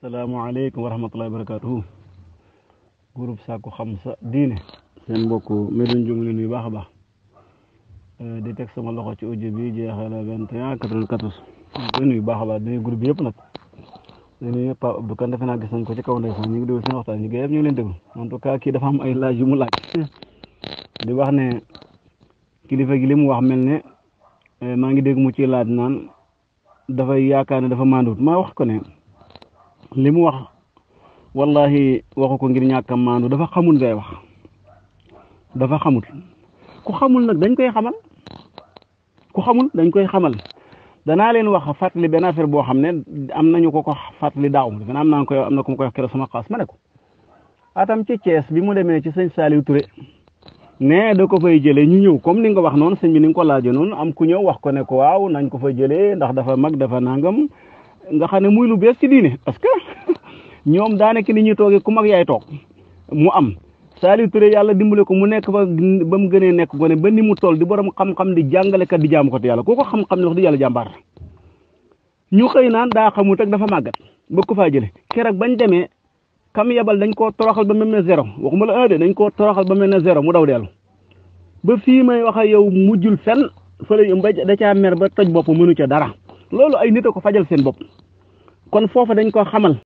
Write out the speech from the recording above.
salaamaaleykum warahmatullahi wabarakatuh wa barakaatuhu groupe Sakku Xam Sa Diine seen mbokk Medoune Dioum leen yu baax baax eh, di teg sama loxo ci audio bi jeexale 21 94 leen yu baax a baax di groupe yëpp nag leen yëpp Pape Abdou defe naa gis nañ ko ci kaw ndeysaan ñu ngi déglu seen waxtaan ñu ngi ñu ngi leen déglu en tout cas kii dafa am ay laaj yu mu laaj di wax ne kilifa gi li mu wax mel ne eh, maa ngi dégg mu ci laaj naan dafay yaakaar ne dafa maanduwut ma wax ko ne li mu wax wallahi waxu ko ngir ñàkk a maandu dafa xamul ngay wax dafa xamul ku xamul nag dañ koy xamal ku xamul dañ koy xamal danaa leen wax fàttali benn affaire boo xam ne am nañu ko ko fàttali daaw defe am naa koy na ko ma koy wax keroog sama xaas ma ne ko atam ci Thiès bi mu demee ci sëñ sali ture ne da ko fay jëlee ñu ñëw comme ni nga wax noonu sëñ ñu ni nga ko laajee noonu am ku ñëw wax ko ne ko waaw nañ ko fa jëlee ndax dafa mag dafa nangam nga xam ne muy lu bees ci diine parce que ñoom daanaka ni ñuy toogee ku mag yaay toog mu am Saliou Touré yàlla dimbale ko mu nekk ba ba mu gënee nekk gone ba ni mu toll di borom xam-xam di jàngalekat di jaamu ko te yàlla koo ko xam-xam ne wax di yàlla jàmbaar ñu xëy naan daa xamut ak dafa màggat ba ko faa jëlee keroog bañ demee kam yabal dañ koo toroxal ba mel ne zéro waxuma la un de dañ koo toroxal ba mel ne zéro mu daw dellu ba fii may wax ak yow mujjul fenn fële da caa mer ba toj bopp mënu ca dara. loolu ay nit a ko fajal seen bopp kon foofa dañ koo xamal